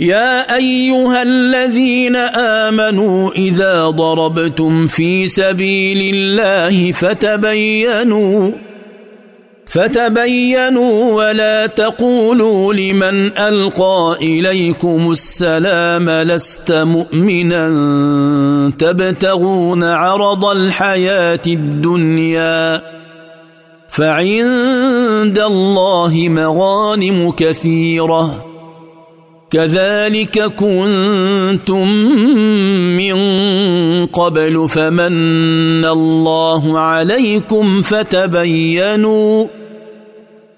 يا ايها الذين امنوا اذا ضربتم في سبيل الله فتبينوا فتبينوا ولا تقولوا لمن القى اليكم السلام لست مؤمنا تبتغون عرض الحياه الدنيا فعند الله مغانم كثيره كذلك كنتم من قبل فمن الله عليكم فتبينوا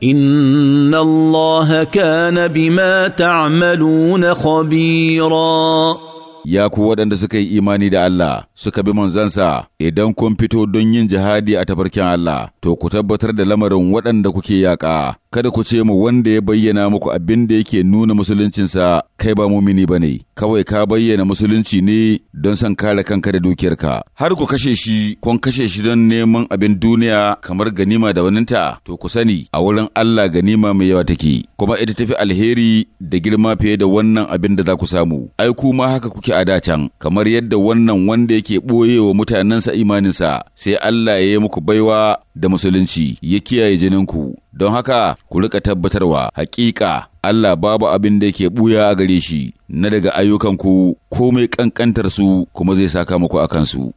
ان الله كان بما تعملون خبيرا ya ku waɗanda suka yi imani da Allah suka bi manzansa idan kun fito don yin jihadi a tafarkin Allah to ku tabbatar da lamarin waɗanda kuke yaƙa kada ku ce mu wanda ya bayyana muku abin da yake nuna musuluncinsa kai ba mumini ba ne kawai ka bayyana musulunci ne don san kare kanka da dukiyarka har ku kashe shi kun kashe shi don neman abin duniya kamar ganima da waninta to ku sani a wurin Allah ganima mai yawa take kuma ita tafi alheri da girma fiye da wannan abin da za ku samu ai ku ma haka kuke a a dacan, kamar yadda wannan wanda yake ɓoye wa mutanensa imaninsa, sai Allah ya yi muku baiwa da musulunci ya kiyaye jininku, don haka ku rika tabbatarwa hakika Allah babu abin da yake ɓuya a gare shi na daga ayyukanku komai ƙanƙantar su kuma zai saka muku a kansu.